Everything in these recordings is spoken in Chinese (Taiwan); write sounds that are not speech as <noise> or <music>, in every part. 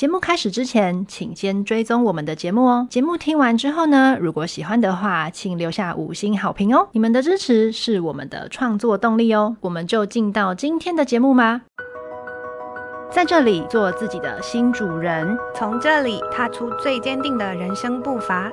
節目開始之前，請先追蹤我們的節目哦。節目聽完之後呢，如果喜歡的話，請留下五星好評哦。你們的支持是我們的創作動力哦。我們就進到今天的節目吧。在這裡做自己的新主人，從這裡踏出最堅定的人生步伐。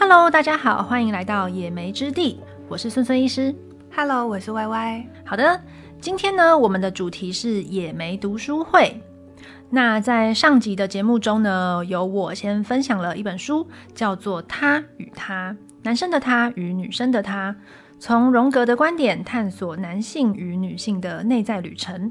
Hello，大家好，歡迎來到野莓之地，我是孫孫醫師。Hello，我是 YY。好的。今天呢，我們的主題是野莓讀書會。那在上集的節目中呢，由我先分享了一本書，叫做《他與她》，男生的他與女生的她，從榮格的觀點探索男性與女性的內在旅程。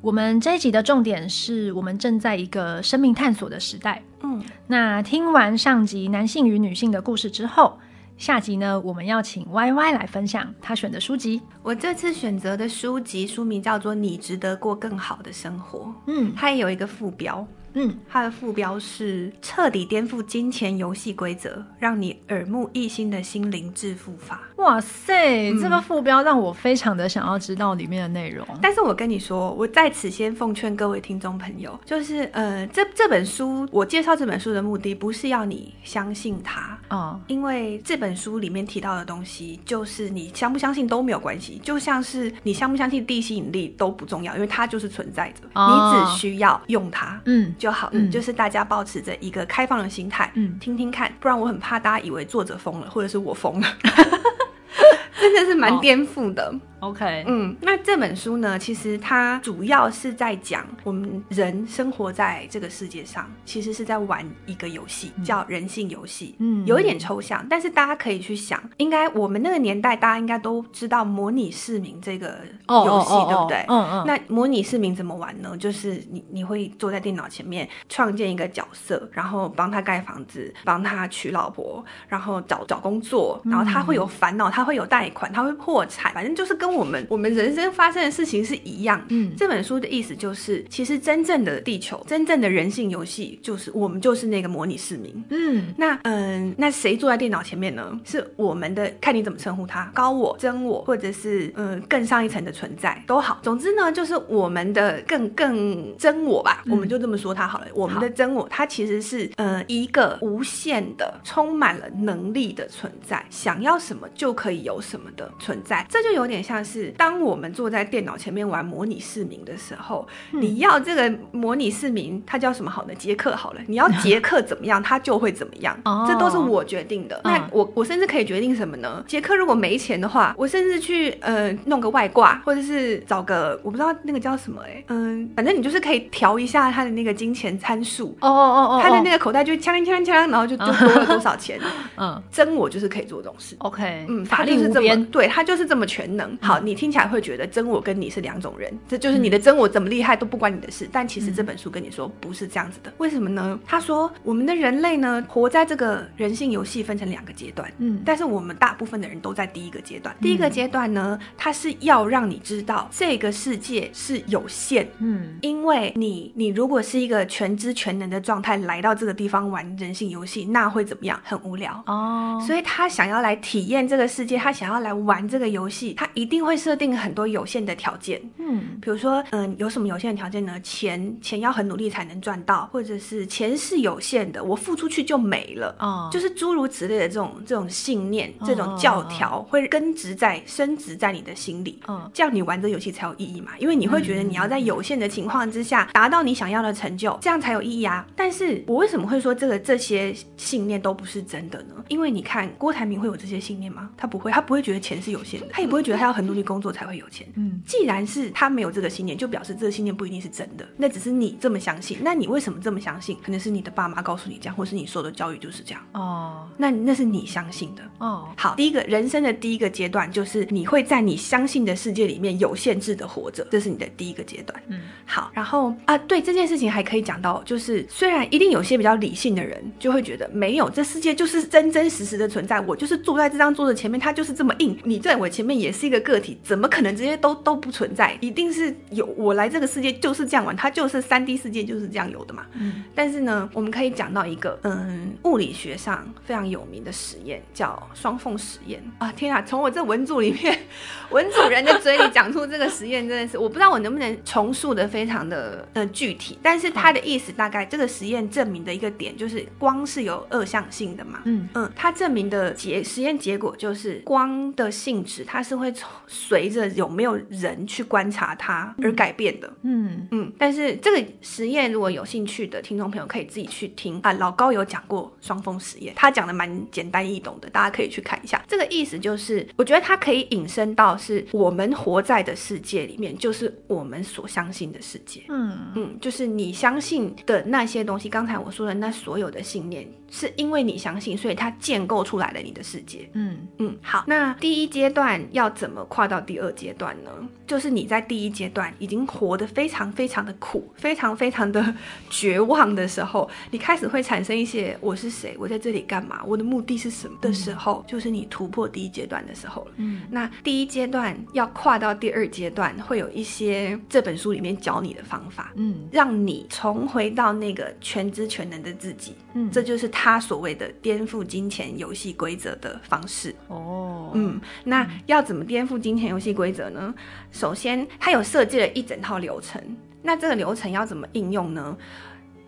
我們這一集的重點是我們正在一個生命探索的時代。嗯，那聽完上集男性與女性的故事之後，下集呢，我們要請 YY 來分享他選的書籍。我這次選擇的書籍，書名叫做《你值得過更好的生活》，嗯，它也有一個副標。嗯，它的副標是徹底顛覆金錢遊戲規則，讓你耳目一新的心靈致富法。哇塞，嗯、這個副標讓我非常的想要知道裡面的內容。但是我跟你說，我在此先奉勸各位聽眾朋友，就是呃，這這本書我介紹這本書的目的不是要你相信它啊，哦、因為這本書裡面提到的東西，就是你相不相信都沒有關係，就像是你相不相信地吸引力都不重要，因為它就是存在着，哦、你只需要用它。嗯。就好了，嗯、就是大家保持着一個開放的心態，嗯，聽聽看，不然我很怕大家以為作者瘋了，或者是我瘋了， <laughs> <laughs> 真的是蠻顛覆的。哦。OK，嗯，那這本書呢，其實它主要是在講我們人生活在這個世界上，其實是在玩一個遊戲，嗯、叫人性遊戲。嗯，有一點抽象，但是大家可以去想，應該我們那個年代，大家應該都知道《模擬市民》這個遊戲，oh, 對不對？嗯嗯。那《模擬市民》怎麼玩呢？就是你你會坐在電腦前面，創建一個角色，然後幫他蓋房子，幫他娶老婆，然後找找工作，然後他會有煩惱、嗯，他會有貸款，他會破產，反正就是跟我們我們人生發生的事情是一樣，嗯，這本書的意思就是，其實真正的地球，真正的人性遊戲，就是我們就是那個模擬市民，嗯，嗯，那嗯，那誰坐在電腦前面呢？是我們的，看你怎麼稱呼他，高我、真我，或者是嗯，更上一層的存在都好。總之呢，就是我們的更更真我吧，嗯、我們就這麼說他好了。嗯、我們的真我，它其實是呃、嗯、一個無限的、充滿了能力的存在，想要什麼就可以有什麼的存在，這就有點像。是，當我們坐在電腦前面玩模擬市民的時候，嗯、你要這個模擬市民，他叫什麼好呢？傑克好了，你要傑克怎麼樣，他 <laughs> 就會怎麼樣。哦，這都是我決定的。嗯、那我我甚至可以決定什麼呢？傑克如果沒錢的話，我甚至去呃弄個外掛，或者是找個我不知道那個叫什麼哎、欸，嗯、呃，反正你就是可以調一下他的那個金錢參數。哦哦哦哦，他的那個口袋就槍嗆鈴槍，然後就就多了多少錢。嗯，嗯真我就是可以做這種事。OK，嗯，法律是這麼，對，他就是這麼全能。好，你聽起來會覺得真我跟你是兩種人，這就是你的真我怎麼厲害都不關你的事。嗯、但其實這本書跟你說不是這樣子的，嗯、為什麼呢？他說我們的人類呢，活在這個人性遊戲分成兩個階段，嗯，但是我們大部分的人都在第一個階段。嗯、第一個階段呢，他是要讓你知道這個世界是有限，嗯，因為你你如果是一個全知全能的狀態來到這個地方玩人性遊戲，那會怎麼樣？很無聊哦。所以他想要來體驗這個世界，他想要來玩這個遊戲，他一定。會設定很多有限的條件，嗯，比如說，嗯，有什麼有限的條件呢？錢錢要很努力才能賺到，或者是錢是有限的，我付出去就沒了，哦，oh. 就是諸如此類的這種這種信念，這種教條 oh, oh, oh. 會根植在、深植在你的心裡，oh. 這樣你玩這遊戲才有意義嘛？因為你會覺得你要在有限的情況之下達到你想要的成就，這樣才有意義啊。但是我為什麼會說這個這些信念都不是真的呢？因為你看郭台銘會有這些信念嗎？他不會，他不會覺得錢是有限的，他也不會覺得他要很。出去工作才會有錢。嗯，既然是他沒有這個信念，就表示這個信念不一定是真的。那只是你這麼相信。那你為什麼這麼相信？可能是你的爸媽告訴你這樣，或是你受的教育就是這樣。哦，那那是你相信的。哦，好，第一個人生的第一個階段就是你會在你相信的世界裡面有限制的活着，這是你的第一個階段。嗯，好，然後啊，呃，對這件事情還可以講到，就是雖然一定有些比較理性的人就會覺得沒有，這世界就是真真實實的存在。我就是坐在這張桌子前面，它就是這麼硬。你在我前面也是一個個。怎麼可能這些都都不存在？一定是有我來這個世界就是這樣玩，它就是三 D 世界就是這樣有的嘛。嗯。但是呢，我們可以講到一個嗯，物理學上非常有名的實驗，叫雙縫實驗啊！天啊，從我這文組裡面文組人的嘴裡講出這個實驗真的是， <laughs> 我不知道我能不能重述得非常的呃具體，但是他的意思大概這個實驗證明的一個點就是光是有二象性的嘛。嗯嗯。他、嗯、證明的結實驗結果就是光的性質，它是會從隨着有沒有人去觀察它而改變的，嗯嗯。但是這個實驗，如果有興趣的聽眾朋友可以自己去聽啊。老高有講過雙縫實驗，他講的蠻簡單易懂的，大家可以去看一下。這個意思就是，我覺得它可以引申到是我們活在的世界裡面，就是我們所相信的世界，嗯嗯，就是你相信的那些東西。剛才我說的那所有的信念，是因為你相信，所以它建構出來了你的世界，嗯嗯。好，那第一階段要怎麼跨到第二階段呢，就是你在第一階段已經活得非常非常的苦，非常非常的絕望的時候，你開始會產生一些“我是誰，我在這裡幹嘛，我的目的是什麼”的時候，嗯、的就是你突破第一階段的時候。嗯，那第一階段要跨到第二階段，會有一些這本書裡面教你的方法，嗯，讓你重回到那個全知全能的自己。嗯，這就是他所謂的顛覆金錢遊戲規則的方式。哦，嗯，那要怎麼顛覆金錢？金錢遊戲規則呢？首先，它有設計了一整套流程。那這個流程要怎麼應用呢？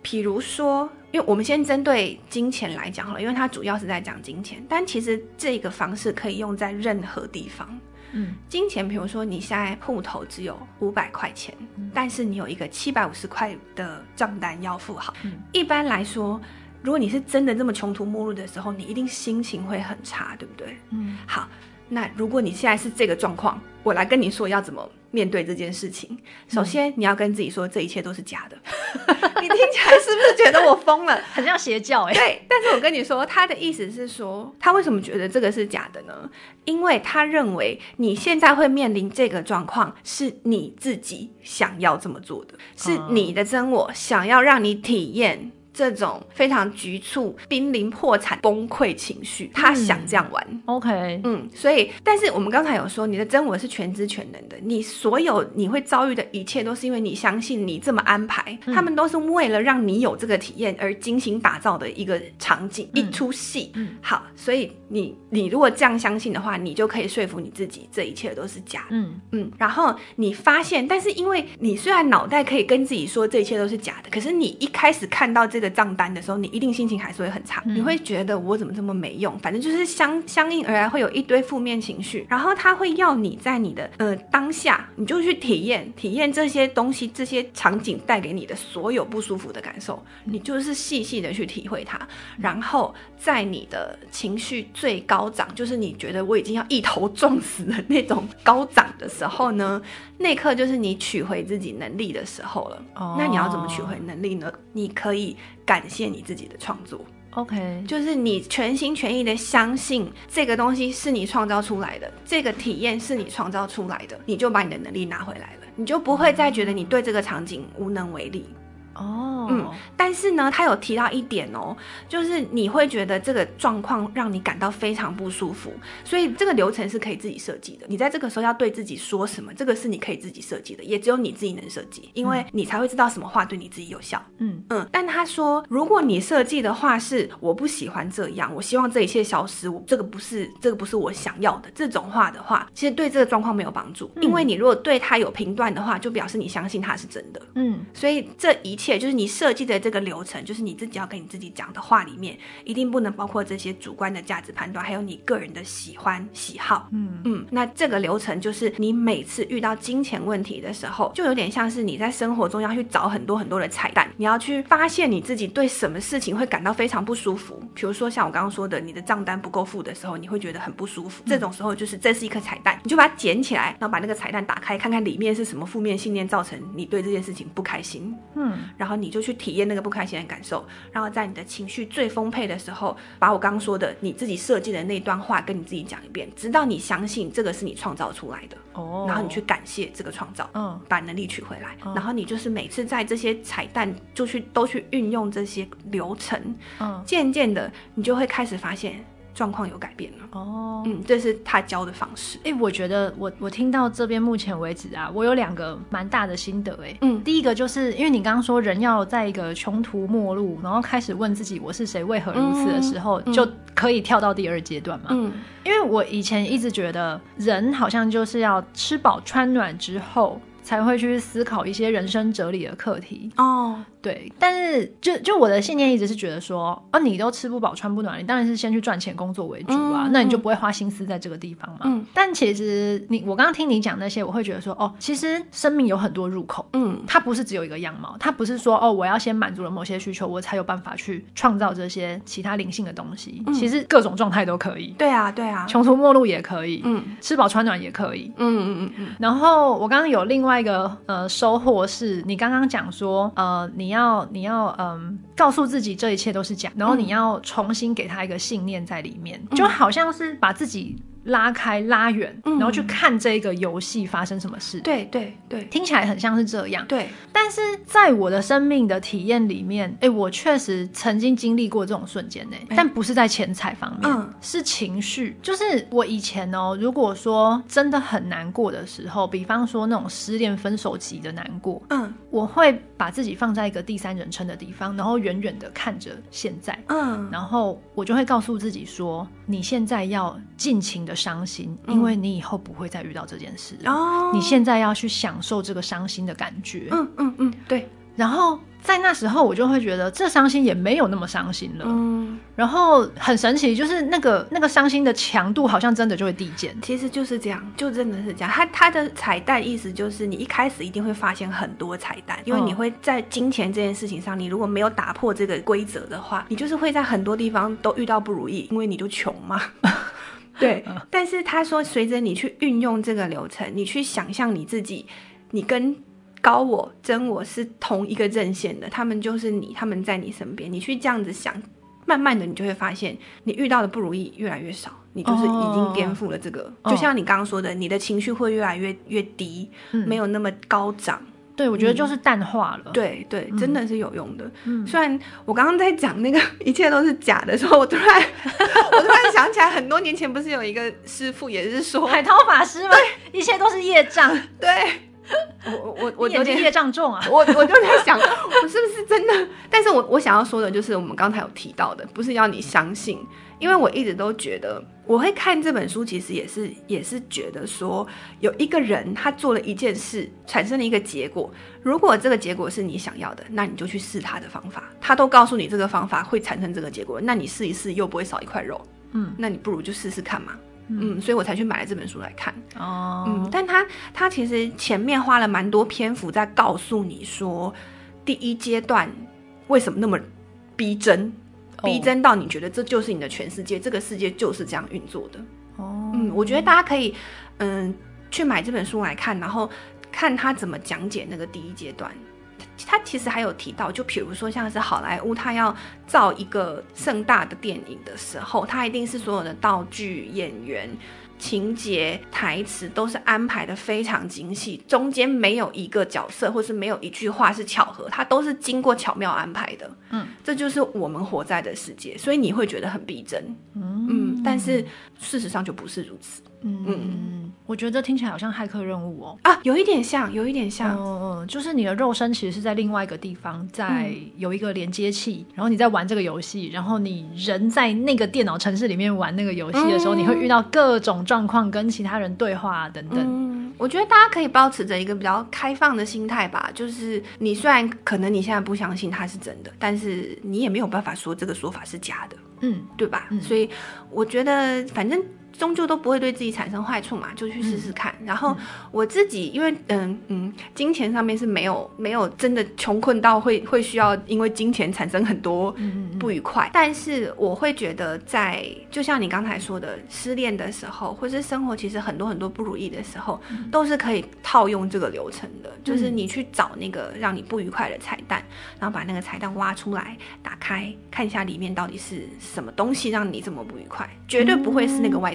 比如說，因為我們先針對金錢來講好了，因為它主要是在講金錢。但其實這個方式可以用在任何地方。嗯，金錢，比如說，你現在戶頭只有五百塊錢，嗯、但是你有一個七百五十塊的賬單要付。好，嗯、一般來說，如果你是真的這麼窮途末路的時候，你一定心情會很差，對不對？嗯，好。那如果你現在是這個狀況，我來跟你說要怎麼面對這件事情。首先，你要跟自己說，這一切都是假的。 <laughs> 你聽起來是不是覺得我瘋了？很像邪教哎、欸？對，但是我跟你說，他的意思是說，他為什麼覺得這個是假的呢？因為他認為你現在會面臨這個狀況，是你自己想要這麼做的，是你的真我想要讓你體驗。這種非常局促、瀕臨破產、崩潰情緒，他想這樣玩。OK，嗯，嗯，所以，但是我們剛才有說，你的真我是全知全能的，你所有你會遭遇的一切，都是因為你相信你這麼安排，他們都是為了讓你有這個體驗而精心打造的一個場景、嗯、一出戲。嗯，好，所以你，你如果這樣相信的話，你就可以說服你自己，這一切都是假的。嗯嗯，然後你發現，但是因為你雖然腦袋可以跟自己說這一切都是假的，可是你一開始看到這。的賬單的時候，你一定心情還是會很差，嗯、你會覺得我怎麼這麼沒用？反正就是相相應而來，會有一堆負面情緒，然後他會要你在你的呃當下，你就去體驗體驗這些東西，這些場景帶給你的所有不舒服的感受，你就是細細的去體會它。然後在你的情緒最高漲，就是你覺得我已經要一頭撞死的那種高漲的時候呢，那刻就是你取回自己能力的時候了。哦、那你要怎麼取回能力呢？你可以。感謝你自己的創作，OK，就是你全心全意的相信這個東西是你創造出來的，這個體驗是你創造出來的，你就把你的能力拿回來了，你就不會再覺得你對這個場景無能為力。哦，oh. 嗯，但是呢，他有提到一點哦，就是你會覺得這個狀況讓你感到非常不舒服，所以這個流程是可以自己設計的。你在這個時候要對自己說什麼，這個是你可以自己設計的，也只有你自己能設計，因為你才會知道什麼話對你自己有效。嗯嗯，但他說，如果你設計的話是“我不喜歡這樣，我希望這一切消失，我這個不是這個不是我想要的”這種話的話，其實對這個狀況沒有幫助，嗯、因為你如果對他有評斷的話，就表示你相信他是真的。嗯，所以這一。且就是你設計的這個流程，就是你自己要跟你自己講的話裡面，一定不能包括這些主觀的價值判斷，還有你個人的喜歡喜好。嗯嗯，那這個流程就是你每次遇到金錢問題的時候，就有點像是你在生活中要去找很多很多的彩蛋，你要去發現你自己對什麼事情會感到非常不舒服。比如說像我剛剛說的，你的賬單不夠付的時候，你會覺得很不舒服。這種時候就是這是一顆彩蛋，你就把它撿起來，然後把那個彩蛋打開，看看裡面是什麼負面信念造成你對這件事情不開心。嗯。然後你就去體驗那個不開心的感受，然後在你的情緒最豐沛的時候，把我剛剛說的你自己設計的那段話，跟你自己講一遍，直到你相信這個是你創造出來的哦。Oh. 然後你去感謝這個創造，嗯，oh. 把能力取回來。Oh. 然後你就是每次在這些彩蛋，就去都去運用這些流程，嗯，oh. 漸漸的你就會開始發現。狀況有改變了哦，Oh. 嗯，這是他教的方式。哎、欸，我覺得我我聽到這邊目前為止啊，我有兩個蠻大的心得、欸。哎，嗯，第一個就是因為你剛剛說人要在一個窮途末路，然後開始問自己我是誰，為何如此的時候，嗯、就可以跳到第二階段嘛。嗯，因為我以前一直覺得人好像就是要吃飽穿暖之後。才會去思考一些人生哲理的課題哦，對，但是就就我的信念一直是覺得說，啊你都吃不飽穿不暖，你當然是先去賺錢工作為主啊，嗯嗯、那你就不會花心思在這個地方嘛。嗯。但其實你，我剛剛聽你講那些，我會覺得說，哦，其實生命有很多入口，嗯，它不是只有一個樣貌，它不是說哦，我要先滿足了某些需求，我才有辦法去創造這些其他靈性的東西。嗯。其實各種狀態都可以。對啊，對啊，窮途末路也可以。嗯。吃飽穿暖也可以。嗯嗯嗯嗯。然後我剛剛有另外。另外一個呃收穫是，你剛剛講說，呃，你要你要嗯、呃、告訴自己這一切都是假，然後你要重新給他一個信念在裡面，就好像是把自己。拉開拉遠，嗯、然後去看這個遊戲發生什麼事。對對對，對對，聽起來很像是這樣。對，但是在我的生命的體驗裡面，哎，我確實曾經經歷過這種瞬間呢，誒但不是在錢財方面，嗯、是情緒。就是我以前哦，如果說真的很難過的時候，比方說那種失戀、分手級的難過，嗯，我會把自己放在一個第三人稱的地方，然後遠遠的看着現在，嗯，然後我就會告訴自己說：“你現在要盡情的。”傷心，因為你以後不會再遇到這件事了。哦，你現在要去享受這個傷心的感覺。嗯嗯嗯，對。然後在那時候，我就會覺得這傷心也沒有那麼傷心了。嗯。然後很神奇，就是那個那個傷心的強度，好像真的就會遞減。其實就是這樣，就真的是這樣。它它的彩蛋意思就是，你一開始一定會發現很多彩蛋，因為你會在金錢這件事情上，嗯、你如果沒有打破這個規則的話，你就是會在很多地方都遇到不如意，因為你就窮嘛。 <laughs> 對，但是他說，隨着你去運用這個流程，你去想象你自己，你跟高我、真我是同一個陣線的，他們就是你，他們在你身邊，你去這樣子想，慢慢的你就會發現，你遇到的不如意越來越少，你就是已經顛覆了這個，oh, oh, oh. 就像你剛剛說的，你的情緒會越來越越低，沒有那麼高漲。嗯對，我覺得就是淡化了。嗯、對對，真的是有用的。嗯、雖然我剛剛在講那個一切都是假的時候，我突然 <laughs> 我突然想起來，很多年前不是有一個師傅，也是說，海濤法師嗎？對一切都是業障。對。 <laughs> 我我我我有點業障重啊！我我我就在想，我是不是真的？但是我我想要說的就是，我們剛才有提到的，不是要你相信，因為我一直都覺得，我會看這本書，其實也是也是覺得說，有一個人他做了一件事，產生了一個結果。如果這個結果是你想要的，那你就去試他的方法。他都告訴你這個方法會產生這個結果，那你試一試又不會少一塊肉，嗯，那你不如就試試看嘛。嗯，所以我才去買了這本書來看。哦，oh. 嗯，但他他其實前面花了蠻多篇幅在告訴你說，第一階段為什麼那麼逼真，oh. 逼真到你覺得這就是你的全世界，這個世界就是這樣運作的。哦，oh. 嗯，我覺得大家可以嗯去買這本書來看，然後看他怎麼講解那個第一階段。他其實還有提到，就比如說像是好萊塢，他要造一個盛大的電影的時候，他一定是所有的道具、演員、情節、台詞都是安排得非常精細，中間沒有一個角色，或是沒有一句話是巧合，他都是經過巧妙安排的。嗯，這就是我們活在的世界，所以你會覺得很逼真。但是事實上就不是如此。嗯，嗯，嗯，我覺得這聽起來好像駭客任務哦。啊，有一點像，有一點像。嗯、呃、就是你的肉身其實是在另外一個地方，在有一個連接器，嗯、然後你在玩這個遊戲，然後你人在那個電腦城市裡面玩那個遊戲的時候，嗯、你會遇到各種狀況，跟其他人對話等等。嗯、我覺得大家可以保持着一個比較開放的心態吧。就是你雖然可能你現在不相信它是真的，但是你也沒有辦法說這個說法是假的。嗯，對吧？嗯、所以我覺得，反正，終究都不會對自己產生壞處嘛，就去試試看。嗯、然後我自己，因為嗯嗯，金錢上面是沒有沒有真的窮困到會會需要因為金錢產生很多嗯不愉快。嗯嗯、但是我會覺得在，在就像你剛才說的，失戀的時候，或是生活其實很多很多不如意的時候，嗯、都是可以套用這個流程的。就是你去找那個讓你不愉快的彩蛋，嗯、然後把那個彩蛋挖出來，打開看一下裡面到底是什麼東西讓你這麼不愉快，絕對不會是那個外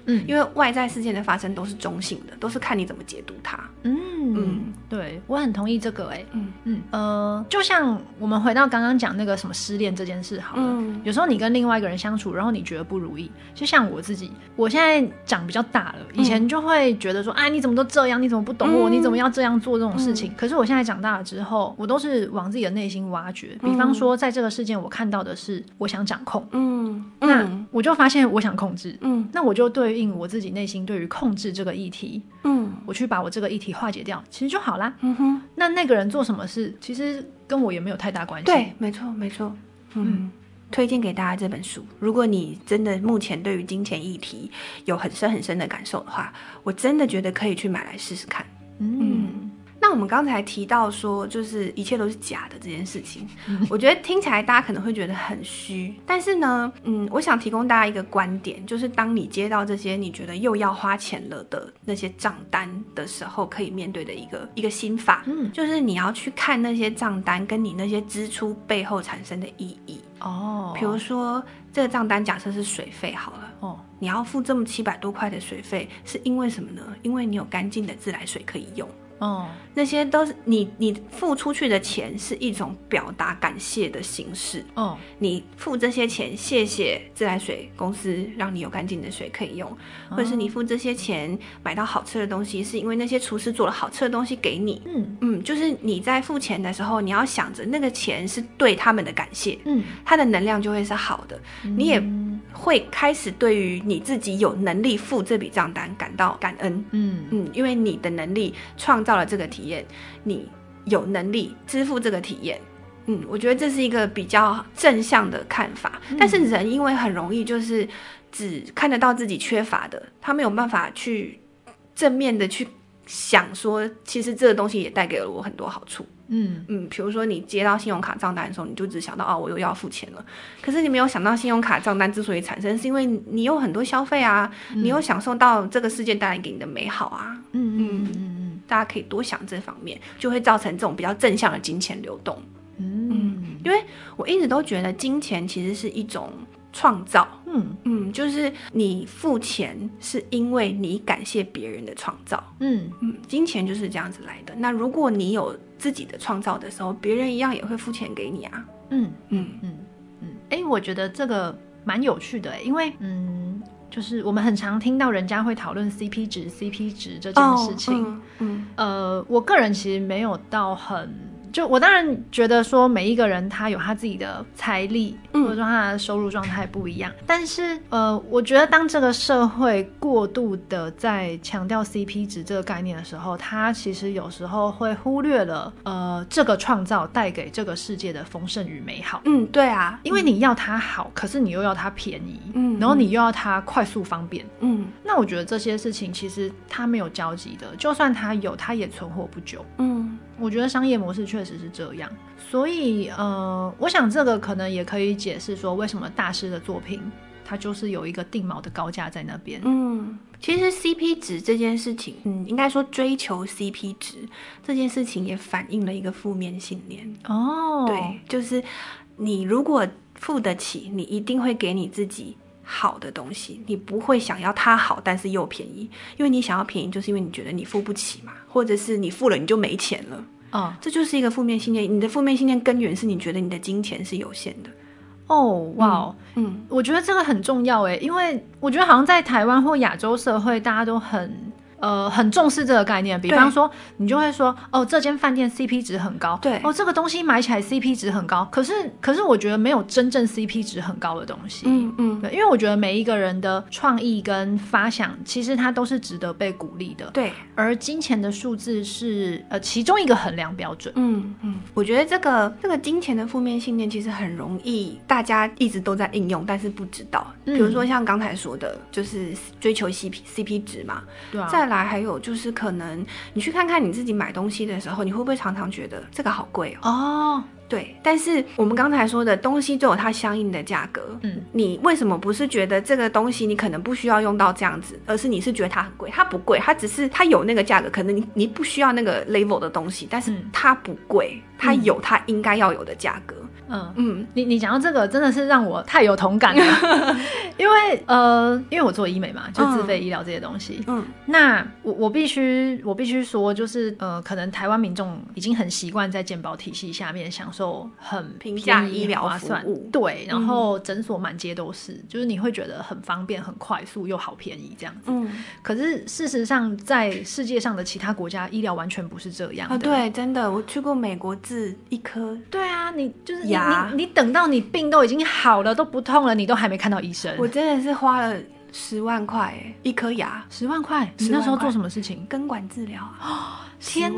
嗯，因為外在事件的發生都是中性的，都是看你怎麼解讀它。嗯嗯，對，我很同意這個哎。嗯嗯，呃，就像我們回到剛剛講那個什麼失戀這件事，好了，有時候你跟另外一個人相處，然後你覺得不如意，就像我自己，我現在長比較大了，以前就會覺得說，啊，你怎麼都這樣？你怎麼不懂我？你怎麼要這樣做這種事情？可是我現在長大了之後，我都是往自己的內心挖掘。比方說，在這個事件我看到的是我想掌控。嗯嗯，那我就發現我想控制。嗯，那我就對。對應我自己內心對於控制這個議題，嗯，我去把我這個議題化解掉，其實就好啦。嗯哼，那那個人做什麼事，其實跟我也沒有太大關係。對，沒錯，沒錯。嗯，嗯，推薦給大家這本書，如果你真的目前對於金錢議題有很深很深的感受的話，我真的覺得可以去買來試試看。嗯。嗯我們剛才提到說，就是一切都是假的這件事情， <laughs> 我覺得聽起來大家可能會覺得很虛，但是呢，嗯，我想提供大家一個觀點，就是當你接到這些你覺得又要花錢了的那些賬單的時候，可以面對的一個一個心法，嗯，就是你要去看那些賬單跟你那些支出背後產生的意義。哦，比如說這個賬單假設是水費好了，哦，你要付這麼七百多塊的水費，是因為什麼呢？因為你有乾淨的自來水可以用。哦，oh. 那些都是你你付出去的錢，是一種表達感謝的形式。哦，oh. 你付這些錢，謝謝自來水公司讓你有乾淨的水可以用，oh. 或者是你付這些錢買到好吃的東西，是因為那些廚師做了好吃的東西給你。嗯嗯，就是你在付錢的時候，你要想着那個錢是對他們的感謝。嗯，它的能量就會是好的。嗯，你也會開始對於你自己有能力付這筆賬單感到感恩，嗯嗯，因為你的能力創造了這個體驗，你有能力支付這個體驗，嗯，我覺得這是一個比較正向的看法。嗯、但是人因為很容易就是只看得到自己缺乏的，他沒有辦法去正面的去。想說，其實這個東西也帶給了我很多好處。嗯嗯，比、嗯、如說你接到信用卡賬單的時候，你就只想到哦，我又要付錢了。可是你沒有想到，信用卡賬單之所以產生，是因為你有很多消費啊，嗯、你有享受到這個世界帶來給你的美好啊。嗯嗯嗯嗯，嗯，大家可以多想這方面，就會造成這種比較正向的金錢流動。嗯，嗯，因為我一直都覺得金錢其實是一種。創造，嗯嗯，就是你付錢是因為你感謝別人的創造，嗯嗯，金錢就是這樣子來的。那如果你有自己的創造的時候，別人一樣也會付錢給你啊，嗯嗯嗯嗯。哎、嗯嗯嗯，我覺得這個蠻有趣的欸，因為嗯，就是我們很常聽到人家會討論 CP 值、CP 值這件事情，oh，嗯，嗯，呃，我個人其實沒有到很。就我當然覺得說，每一個人他有他自己的財力，嗯、或者說他的收入狀態不一樣。嗯、但是呃，我覺得當這個社會過度的在強調 CP 值這個概念的時候，他其實有時候會忽略了呃這個創造帶給這個世界的豐盛與美好。嗯，對啊，因為你要它好，嗯、可是你又要它便宜，嗯，然後你又要它快速方便，嗯，那我覺得這些事情其實他沒有交集的。就算他有，他也存活不久。嗯。我覺得商業模式確實是這樣，所以呃，我想這個可能也可以解釋說，為什麼大師的作品它就是有一個定錨的高價在那邊。嗯，其實 CP 值這件事情，嗯，應該說追求 CP 值這件事情也反映了一個負面信念。哦。對，就是你如果付得起，你一定會給你自己。好的東西，你不會想要它好，但是又便宜，因為你想要便宜，就是因為你覺得你付不起嘛，或者是你付了你就沒錢了，啊，oh. 這就是一個負面信念。你的負面信念根源是你覺得你的金錢是有限的。哦、oh, wow. 嗯，哇，嗯，我覺得這個很重要哎，因為我覺得好像在台灣或亞洲社會，大家都很，呃，很重視這個概念，比方說，對你就會說，哦，這間飯店 CP 值很高。對，哦，這個東西買起來 CP 值很高，可是，可是我覺得沒有真正 CP 值很高的東西，嗯嗯，嗯，因為我覺得每一個人的創意跟發想，其實它都是值得被鼓勵的，對，而金錢的數字是，呃，其中一個衡量標準，嗯嗯，嗯，我覺得這個這個金錢的負面信念其實很容易大家一直都在應用，但是不知道，嗯，比如說像剛才說的，就是追求 CPCP 值嘛，對啊，來，還有就是可能你去看看你自己買東西的時候，你會不會常常覺得這個好貴、喔、哦？哦，對，但是我們剛才說的東西都有它相應的價格。嗯，你為什麼不是覺得這個東西你可能不需要用到這樣子，而是你是覺得它很貴？它不貴，它只是它有那個價格，可能你你不需要那個 level 的東西，但是它不貴，它有它應該要有的價格。嗯嗯，你你講到這個真的是讓我太有同感了，因為呃，因為我做醫美嘛，就自費醫療這些東西。嗯，那我我必須我必須說，就是呃，可能台灣民眾已經很習慣在健保體系下面享受很平價醫療啊。算對，然後診所滿街都是，就是你會覺得很方便、很快速又好便宜這樣子。嗯，可是事實上，在世界上的其他國家，醫療完全不是這樣。對，真的，我去過美國治一顆。對啊，你就是牙。你你等到你病都已經好了，都不痛了，你都還沒看到醫生？我真的是花了十萬塊，欸，一顆牙十萬塊。你那時候做什麼事情？根管治療啊。天吶，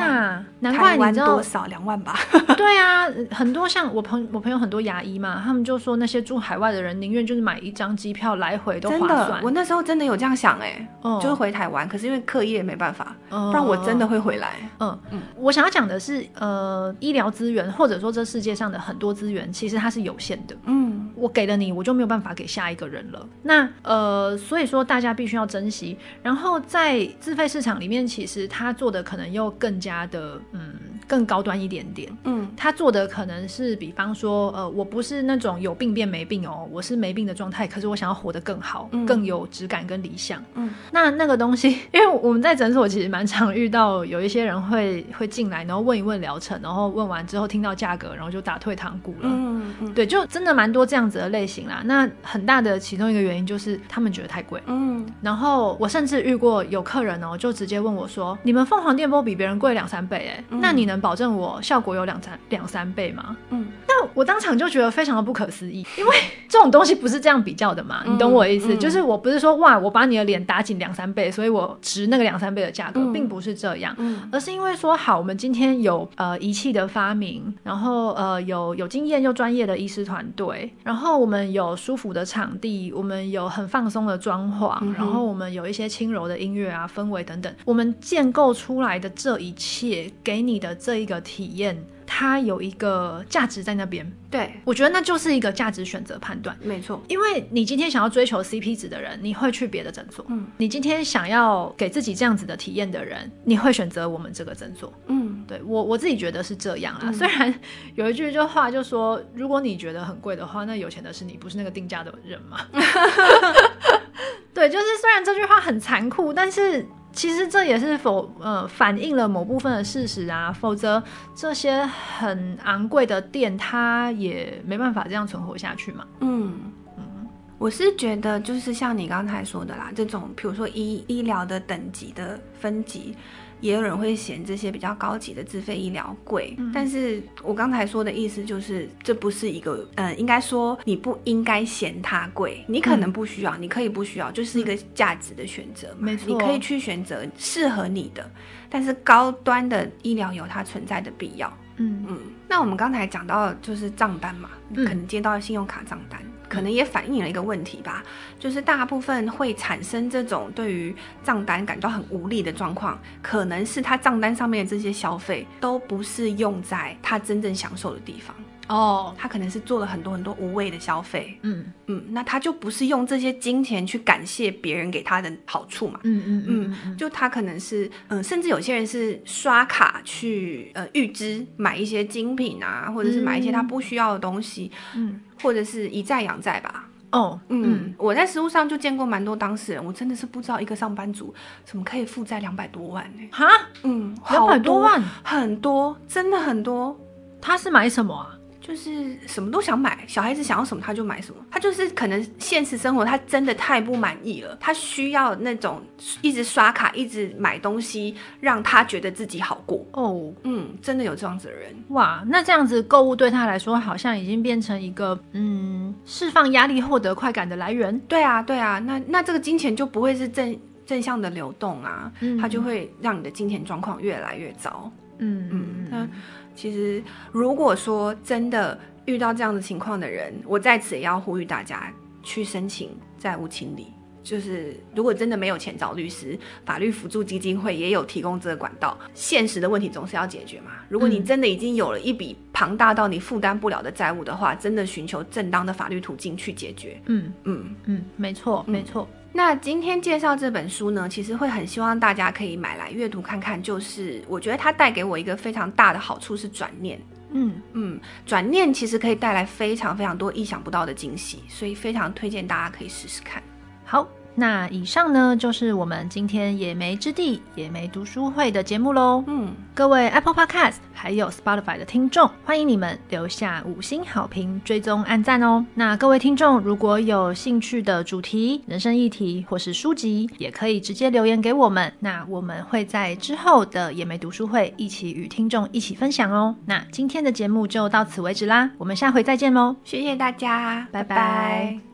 難怪你知道台灣多少兩萬吧？ <laughs> 對啊，很多像我朋我朋友很多牙醫嘛，他們就說那些住海外的人寧願就是買一張機票來回都划算真的。我那時候真的有這樣想哎、欸，嗯、就是回台灣，可是因為課業沒辦法，嗯、不然我真的會回來。嗯嗯，嗯嗯，我想要講的是，呃，醫療資源或者說這世界上的很多資源，其實它是有限的。嗯，我給了你，我就沒有辦法給下一個人了。那呃，所以說大家必須要珍惜。然後在自費市場裡面，其實他做的可能又。更加的嗯。更高端一點點，嗯，他做的可能是比方說，呃，我不是那種有病變沒病哦、喔，我是沒病的狀態，可是我想要活得更好，嗯、更有質感跟理想，嗯，那那個東西，因為我們在診所其實蠻常遇到有一些人會會進來，然後問一問療程，然後問完之後聽到價格，然後就打退堂鼓了，嗯，嗯嗯，對，就真的蠻多這樣子的類型啦。那很大的其中一個原因就是他們覺得太貴，嗯，然後我甚至遇過有客人哦、喔，就直接問我說，你們鳳凰電波比別人貴兩三倍、欸，哎、嗯，那你能？保證我效果有兩三兩三倍嗎？嗯，那我當場就覺得非常的不可思議，因為這種東西不是這樣比較的嘛，嗯、你懂我意思？嗯、就是我不是說哇，我把你的臉打緊兩三倍，所以我值那個兩三倍的價格，嗯、並不是這樣，而是因為說好，我們今天有呃儀器的發明，然後呃有有經驗又專業的醫師團隊，然後我們有舒服的場地，我們有很放鬆的裝潢，然後我們有一些輕柔的音樂啊、嗯、哼氛圍等等，我們建構出來的這一切給你的。這一個體驗，它有一個價值在那邊。對，我覺得那就是一個價值選擇判斷，沒錯。因為你今天想要追求 CP 值的人，你會去別的診所。嗯，你今天想要給自己這樣子的體驗的人，你會選擇我們這個診所。嗯，對我我自己覺得是這樣啊。嗯、雖然有一句就話就說，如果你覺得很貴的話，那有錢的是你，不是那個定價的人嘛？ <laughs> <laughs> <laughs> 對，就是雖然這句話很殘酷，但是。其實這也是否呃、反映了某部分的事實啊？否則這些很昂貴的店它也沒辦法這樣存活下去嘛。嗯嗯，嗯我是覺得就是像你剛才說的啦，這種比如說醫醫療的等級的分級。也有人會嫌這些比較高級的自費醫療貴，嗯、哼，但是我剛才說的意思就是，這不是一個，嗯、呃，應該說你不應該嫌它貴，你可能不需要，嗯、你可以不需要，就是一個價值的選擇嘛、嗯、沒錯、哦，你可以去選擇適合你的，但是高端的醫療有它存在的必要。嗯嗯，那我們剛才講到就是賬單嘛，可能接到信用卡賬單，嗯、可能也反映了一個問題吧，就是大部分會產生這種對於賬單感到很無力的狀況，可能是他賬單上面的這些消費都不是用在他真正享受的地方。哦，他可能是做了很多很多無謂的消費，嗯嗯，那他就不是用這些金錢去感謝別人給他的好處嘛，嗯嗯嗯，就他可能是，嗯，甚至有些人是刷卡去呃預支買一些精品啊，或者是買一些他不需要的東西，嗯，或者是以債養債吧，哦，嗯，我在實務上就見過蠻多當事人，我真的是不知道一個上班族怎麼可以負債兩百多萬呢？哈，嗯，兩百多萬，很多，真的很多，他是買什麼啊？就是什麼都想買，小孩子想要什麼他就買什麼，他就是可能現實生活他真的太不滿意了，他需要那種一直刷卡、一直買東西，讓他覺得自己好過。哦，嗯，真的有這樣子的人哇，那這樣子購物對他來說好像已經變成一個嗯釋放壓力、獲得快感的來源。對啊，對啊，那那這個金錢就不會是正正向的流動啊，嗯、他就會讓你的金錢狀況越來越糟。嗯嗯嗯，那、嗯、他其實如果說真的遇到這樣的情況的人，我在此也要呼籲大家去申請債務清理。就是如果真的沒有錢找律師，法律輔助基金會也有提供這個管道。現實的問題總是要解決嘛。如果你真的已經有了一筆龐大到你負擔不了的債務的話，真的尋求正當的法律途徑去解決。嗯嗯嗯，嗯，沒錯，沒錯。嗯那今天介紹這本書呢，其實會很希望大家可以買來閱讀看看。就是我覺得它帶給我一個非常大的好處是轉念，嗯嗯，轉念其實可以帶來非常非常多意想不到的驚喜，所以非常推薦大家可以試試看。好。那以上呢，就是我們今天野莓之地野莓讀書會的節目嘍。嗯，各位 Apple Podcast 還有 Spotify 的聽眾，歡迎你們留下五星好評、追蹤、按讚哦。那各位聽眾，如果有興趣的主題、人生議題或是書籍，也可以直接留言給我們。那我們會在之後的野莓讀書會一起與聽眾一起分享哦。那今天的節目就到此為止啦，我們下回再見嘍，謝謝大家，拜拜。拜拜。